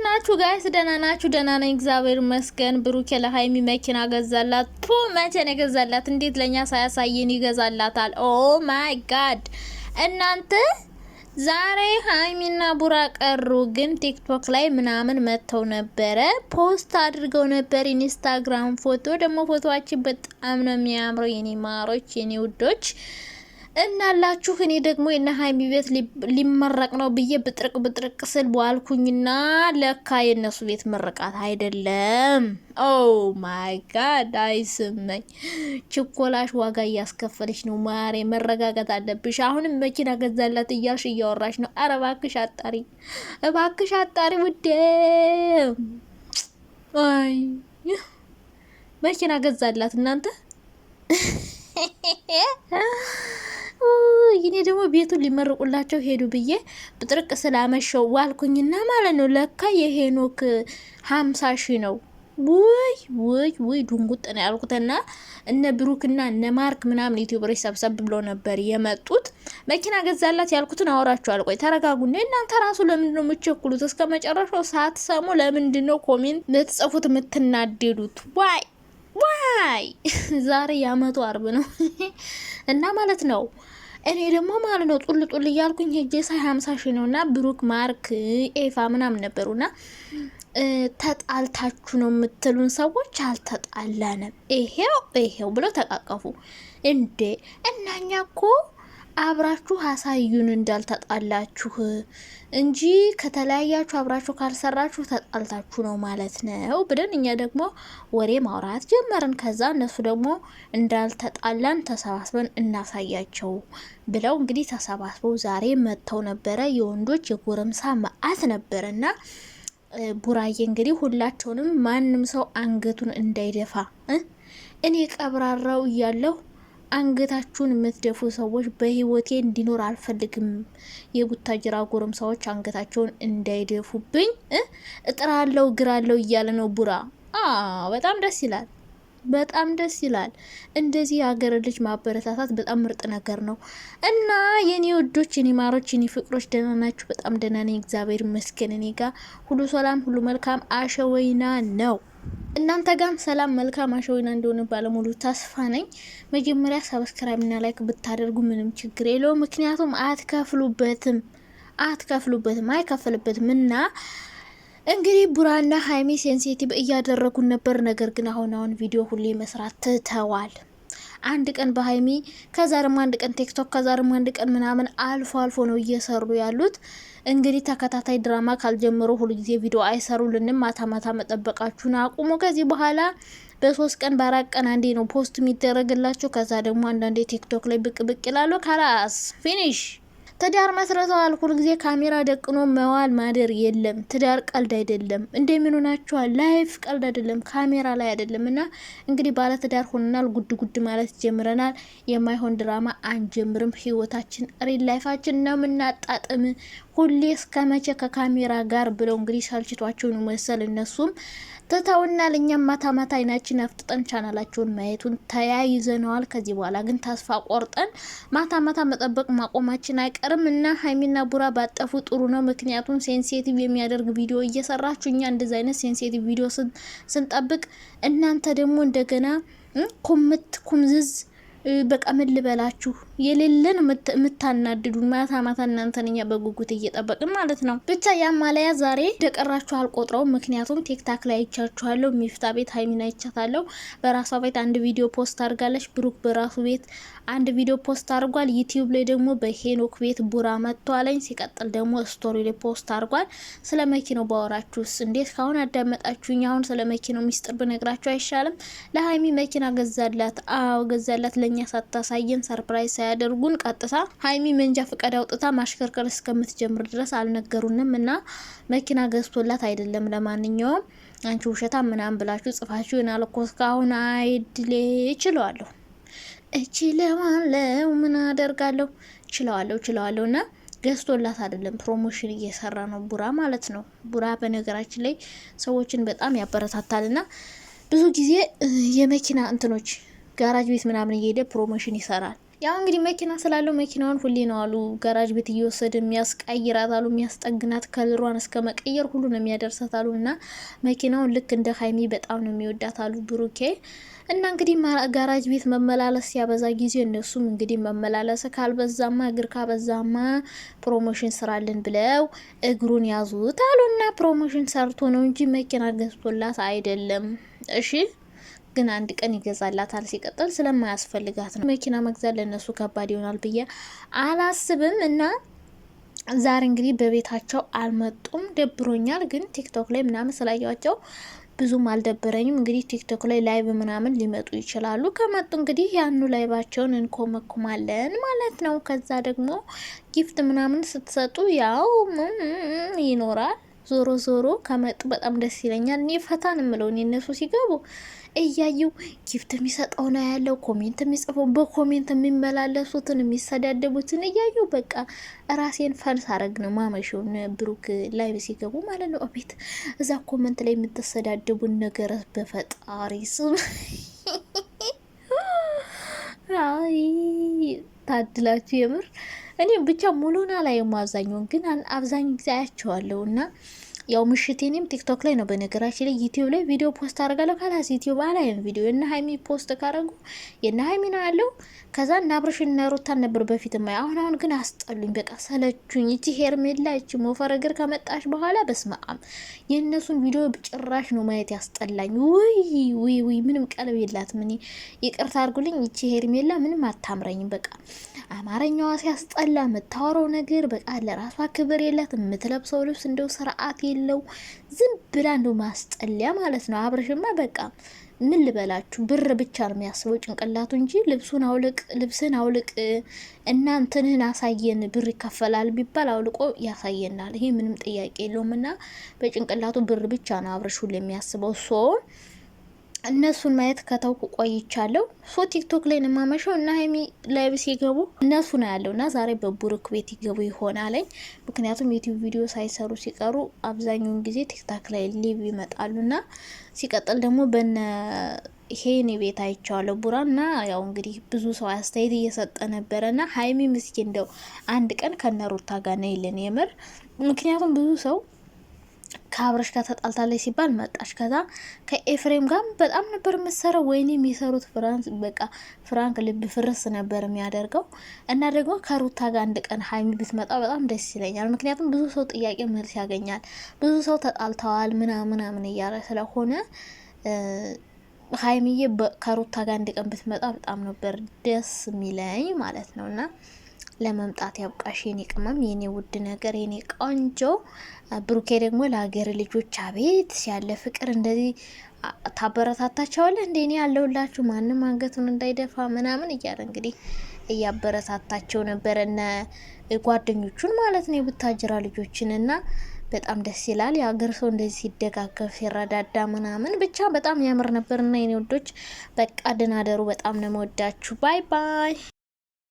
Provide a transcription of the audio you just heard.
እንዴት ናችሁ ጋይስ? ደህና ናችሁ? ደህና ነኝ እግዚአብሔር ይመስገን። ብሩኬ ለሀይሚ መኪና ገዛላት። ፑ መቼ የገዛላት? እንዴት ለእኛ ሳያሳየን ይገዛላታል? ኦ ማይ ጋድ እናንተ ዛሬ ሀይሚና ቡራ ቀሩ፣ ግን ቲክቶክ ላይ ምናምን መጥተው ነበረ፣ ፖስት አድርገው ነበር ኢንስታግራም ፎቶ። ደግሞ ፎቶዋችን በጣም ነው የሚያምረው የኔ ማሮች፣ የኔ ውዶች እናላችሁ እኔ ደግሞ የነ ሀይሚ ቤት ሊመረቅ ነው ብዬ ብጥርቅ ብጥርቅ ስል በዋልኩኝና ለካ የእነሱ ቤት ምርቃት አይደለም። ኦ ማይ ጋድ አይስመኝ። ችኮላሽ ዋጋ እያስከፈለች ነው። ማሬ መረጋጋት አለብሽ። አሁንም መኪና ገዛላት እያልሽ እያወራሽ ነው። አረ እባክሽ አጣሪ፣ እባክሽ አጣሪ ውዴ። አይ መኪና ገዛላት እናንተ ይኔ ደግሞ ቤቱን ሊመርቁላቸው ሄዱ ብዬ ብጥርቅ ስላመሸው ዋልኩኝና ማለት ነው። ለካ የሄኖክ ሀምሳ ሺ ነው። ውይ ውይ ውይ ድንጉጥ ነው ያልኩትና እነ ብሩክና እነ ማርክ ምናምን ዩቲዩበሮች ሰብሰብ ብሎ ነበር የመጡት። መኪና ገዛላት ያልኩትን አወራችኋል። ቆይ ተረጋጉና እናንተ ራሱ ለምንድን ነው የምትቸኩሉት? እስከ መጨረሻው ሰሙ። ለምንድን ነው ኮሜንት የምትጽፉት የምትናደዱት? ዋይ ዋይ ዛሬ የአመቱ አርብ ነው እና ማለት ነው እኔ ደግሞ ማለት ነው ጡል ጡል እያልኩኝ ሄጄ ሳይ ሀምሳ ሺ ነው እና ብሩክ፣ ማርክ፣ ኤፋ ምናምን እና ተጣልታችሁ ነው የምትሉን ሰዎች አልተጣላንም፣ ይሄው ይሄው ብለው ተቃቀፉ እንዴ! እናኛ ኮ አብራችሁ አሳዩን እንዳልተጣላችሁ እንጂ ከተለያያችሁ አብራችሁ ካልሰራችሁ ተጣልታችሁ ነው ማለት ነው ብለን እኛ ደግሞ ወሬ ማውራት ጀመርን። ከዛ እነሱ ደግሞ እንዳልተጣላን ተሰባስበን እናሳያቸው ብለው እንግዲህ ተሰባስበው ዛሬ መጥተው ነበረ። የወንዶች የጎረምሳ መዓት ነበረ እና ቡራዬ እንግዲህ ሁላቸውንም ማንም ሰው አንገቱን እንዳይደፋ እኔ ቀብራራው እያለሁ አንገታችሁን የምትደፉ ሰዎች በህይወቴ እንዲኖር አልፈልግም። የቡታጅራ ጎረምሳዎች አንገታቸውን እንዳይደፉብኝ እጥራለው ግራለው እያለ ነው ቡራ። በጣም ደስ ይላል። በጣም ደስ ይላል። እንደዚህ የሀገር ልጅ ማበረታታት በጣም ምርጥ ነገር ነው እና የኔ ወዶች፣ የኔ ማሮች፣ የኔ ፍቅሮች ደህና ናችሁ? በጣም ደህና ነኝ፣ እግዚአብሔር ይመስገን። እኔ ጋ ሁሉ ሰላም፣ ሁሉ መልካም አሸወይና ነው። እናንተ ጋም ሰላም መልካም አሸወይና እንደሆነ ባለሙሉ ተስፋ ነኝ። መጀመሪያ ሰብስክራይብና ላይክ ብታደርጉ ምንም ችግር የለው፣ ምክንያቱም አትከፍሉበትም አትከፍሉበትም አይከፍልበትም እና እንግዲህ ቡራና ሀይሚ ሴንሲቲቭ እያደረጉን ነበር። ነገር ግን አሁን አሁን ቪዲዮ ሁሌ መስራት ትተዋል። አንድ ቀን በሀይሚ ከዛ ደግሞ አንድ ቀን ቲክቶክ ከዛ ደግሞ አንድ ቀን ምናምን አልፎ አልፎ ነው እየሰሩ ያሉት። እንግዲህ ተከታታይ ድራማ ካልጀመሩ ሁሉ ጊዜ ቪዲዮ አይሰሩልንም። ማታ ማታ መጠበቃችሁን አቁሙ። ከዚህ በኋላ በሶስት ቀን በአራት ቀን አንዴ ነው ፖስት የሚደረግላቸው። ከዛ ደግሞ አንዳንዴ ቲክቶክ ላይ ብቅ ብቅ ይላሉ። ካላስ ፊኒሽ ትዳር መስርተዋል። ሁልጊዜ ካሜራ ደቅኖ መዋል ማደር የለም። ትዳር ቀልድ አይደለም። እንደምን ሆናችኋል? ላይፍ ቀልድ አይደለም፣ ካሜራ ላይ አይደለም። እና እንግዲህ ባለ ትዳር ሆነናል፣ ጉድ ጉድ ማለት ጀምረናል። የማይሆን ድራማ አንጀምርም። ህይወታችን ሪል ላይፋችን ነው የምናጣጥም ሁሌ እስከ መቼ ከካሜራ ጋር ብለው እንግዲህ ሰልችቷቸውን መሰል እነሱም ትተውናል። እኛም ማታ ማታ አይናችን አፍጥጠን ቻናላቸውን ማየቱን ተያይዘነዋል። ከዚህ በኋላ ግን ተስፋ ቆርጠን ማታ ማታ መጠበቅ ማቆማችን አይቀር ፍቅርም እና ሀይሚና ቡራ ባጠፉ ጥሩ ነው። ምክንያቱም ሴንሴቲቭ የሚያደርግ ቪዲዮ እየሰራችሁ እኛ እንደዚ አይነት ሴንሴቲቭ ቪዲዮ ስንጠብቅ እናንተ ደግሞ እንደገና ኩምት ኩምዝዝ በቃ ምን ልበላችሁ የሌለን የምታናድዱ ማታ ማታ እናንተን እኛ በጉጉት እየጠበቅን ማለት ነው። ብቻ ያማለያ ዛሬ ደቀራችሁ አልቆጥረውም። ምክንያቱም ቲክታክ ላይ አይቻችኋለሁ። ሚፍታ ቤት ሀይሚና ይቻታለሁ። በራሷ ቤት አንድ ቪዲዮ ፖስት አድርጋለች። ብሩክ በራሱ ቤት አንድ ቪዲዮ ፖስት አድርጓል። ዩቲዩብ ላይ ደግሞ በሄኖክ ቤት ቡራ መጥቷለኝ። ሲቀጥል ደግሞ ስቶሪ ላይ ፖስት አድርጓል። ስለ መኪናው ባወራችሁስ እንዴት ካሁን አዳመጣችሁኝ? አሁን ስለ መኪናው ሚስጥር ብነግራችሁ አይሻልም? ለሀይሚ መኪና ገዛላት። አዎ ገዛላት። ለእኛ ሳታሳየን ሰርፕራይዝ ሳያደርጉን ቀጥታ ሀይሚ መንጃ ፍቃድ አውጥታ ማሽከርከር እስከምትጀምር ድረስ አልነገሩንም እና መኪና ገዝቶላት አይደለም። ለማንኛውም አንቺ ውሸታ ምናምን ብላችሁ ጽፋችሁ ናልኮ እስካሁን አይድሌ ችለዋለሁ ለማለው ምን አደርጋለሁ ችለዋለሁ ችለዋለሁ እና ገዝቶላት አይደለም። ፕሮሞሽን እየሰራ ነው ቡራ ማለት ነው። ቡራ በነገራችን ላይ ሰዎችን በጣም ያበረታታል እና ብዙ ጊዜ የመኪና እንትኖች ጋራጅ ቤት ምናምን እየሄደ ፕሮሞሽን ይሰራል። ያው እንግዲህ መኪና ስላለው መኪናውን ሁሌ ነው አሉ ጋራጅ ቤት እየወሰደ የሚያስቀይራት አሉ የሚያስጠግናት ከልሯን እስከ መቀየር ሁሉ ነው የሚያደርሳት አሉ እና መኪናውን ልክ እንደ ሀይሚ በጣም ነው የሚወዳት አሉ ብሩኬ እና እንግዲህ ጋራጅ ቤት መመላለስ ሲያበዛ ጊዜ እነሱም እንግዲህ መመላለስ ካልበዛማ እግር ካበዛማ ፕሮሞሽን ስራልን ብለው እግሩን ያዙት እና ፕሮሞሽን ሰርቶ ነው እንጂ መኪና ገዝቶላት አይደለም። እሺ ግን አንድ ቀን ይገዛላታል። ሲቀጥል ስለማያስፈልጋት ነው። መኪና መግዛት ለእነሱ ከባድ ይሆናል ብዬ አላስብም እና ዛሬ እንግዲህ በቤታቸው አልመጡም። ደብሮኛል፣ ግን ቲክቶክ ላይ ምናምን ስላያቸው ብዙም አልደበረኝም። እንግዲህ ቲክቶክ ላይ ላይቭ ምናምን ሊመጡ ይችላሉ። ከመጡ እንግዲህ ያኑ ላይቫቸውን እንኮመኩማለን ማለት ነው። ከዛ ደግሞ ጊፍት ምናምን ስትሰጡ ያው ይኖራል ዞሮ ዞሮ ከመጡ በጣም ደስ ይለኛል። እኔ ፈታን የምለው እኔ እነሱ ሲገቡ እያየው ጊፍት የሚሰጠው ነው ያለው ኮሜንት የሚጽፈው በኮሜንት የሚመላለሱትን የሚሰዳደቡትን እያየው በቃ ራሴን ፈንስ አረግ ነው ማመሸውን ብሩክ ላይቭ ሲገቡ ማለት ነው። እቤት እዛ ኮመንት ላይ የምትሰዳደቡን ነገር በፈጣሪ ስም ታድላችሁ የምር እኔም ብቻ ሙሉና ላይ አብዛኛውን ግን አብዛኛው ጊዜ አያቸዋለሁ እና ያው ምሽት እኔም ቲክቶክ ላይ ነው። በነገራችን ላይ ዩቲዩብ ላይ ቪዲዮ ፖስት አደርጋለሁ። ካላስ ዩቲዩብ አላይም ቪዲዮ የነ ሀይሚ ፖስት ካረጉ የነ ሀይሚ ነው ያለው። ከዛ እና አብረሽ እና ሩታን ነበር በፊት ማ አሁን አሁን ግን አስጠሉኝ፣ በቃ ሰለቹኝ። እቺ ሄርሜላ እቺ ሞፈር እግር ከመጣሽ በኋላ በስመ አብ የእነሱን ቪዲዮ ጭራሽ ነው ማየት ያስጠላኝ። ውይ ውይ ቀልብ የላትም። እኔ ይቅርታ አርጉልኝ፣ ይቺ ሄርሜላ ምንም አታምረኝም። በቃ አማርኛዋ ሲያስጠላ፣ የምታወራው ነገር በቃ ለራሷ ክብር የላት፣ የምትለብሰው ልብስ እንደው ስርዓት የለው፣ ዝም ብላ እንደው ማስጠለያ ማለት ነው። አብርሽማ በቃ ምን ልበላችሁ ብር ብቻ ነው የሚያስበው ጭንቅላቱ እንጂ ልብሱን አውልቅ ልብስን አውልቅ እናንትንህን አሳየን ብር ይከፈላል ቢባል አውልቆ ያሳየናል። ይሄ ምንም ጥያቄ የለውም። እና በጭንቅላቱ ብር ብቻ ነው አብርሽ የሚያስበው ሶ እነሱን ማየት ከተውኩ ቆይቻለሁ። ሶ ቲክቶክ ላይ ንማመሸው እና ሀይሚ ላይብ ሲገቡ እነሱ ነው ያለው እና ዛሬ በቡሩክ ቤት ይገቡ ይሆናለኝ። ምክንያቱም ዩቲዩብ ቪዲዮ ሳይሰሩ ሲቀሩ አብዛኛውን ጊዜ ቲክታክ ላይ ሊቭ ይመጣሉ እና ሲቀጥል ደግሞ በነ ሄኒ ቤት አይቼዋለሁ ቡራ እና ያው እንግዲህ ብዙ ሰው አስተያየት እየሰጠ ነበረ እና ሀይሚ ምስኪ እንደው አንድ ቀን ከነሩታ ጋር ነው የለን የምር ምክንያቱም ብዙ ሰው ከአብረሽ ጋር ተጣልታለች ሲባል መጣች። ከዛ ከኤፍሬም ጋር በጣም ነበር የምትሰራው። ወይኔ የሚሰሩት ፍራንክ በቃ ፍራንክ ልብ ፍርስ ነበር የሚያደርገው። እና ደግሞ ከሩታ ጋር አንድ ቀን ሀይሚ ብትመጣ በጣም ደስ ይለኛል። ምክንያቱም ብዙ ሰው ጥያቄ መልስ ያገኛል። ብዙ ሰው ተጣልተዋል ምናምናምን እያለ ስለሆነ ሀይሚዬ ከሩታ ጋር አንድ ቀን ብትመጣ በጣም ነበር ደስ የሚለኝ ማለት ነው እና ለመምጣት ያብቃሽ የኔ ቅመም፣ የኔ ውድ ነገር፣ የኔ ቆንጆ። ብሩኬ ደግሞ ለሀገር ልጆች አቤት ያለ ፍቅር እንደዚህ ታበረታታቸዋለህ። እንደ እኔ ያለሁላችሁ ማንም አንገቱን እንዳይደፋ ምናምን እያለ እንግዲህ እያበረታታቸው ነበረ እነ ጓደኞቹን ማለት ነው የቡታጅራ ልጆችን እና በጣም ደስ ይላል። የአገር ሰው እንደዚህ ሲደጋገፍ ሲረዳዳ ምናምን ብቻ በጣም ያምር ነበርና የኔ ወዶች በቃ ድናደሩ። በጣም ነው መወዳችሁ። ባይ ባይ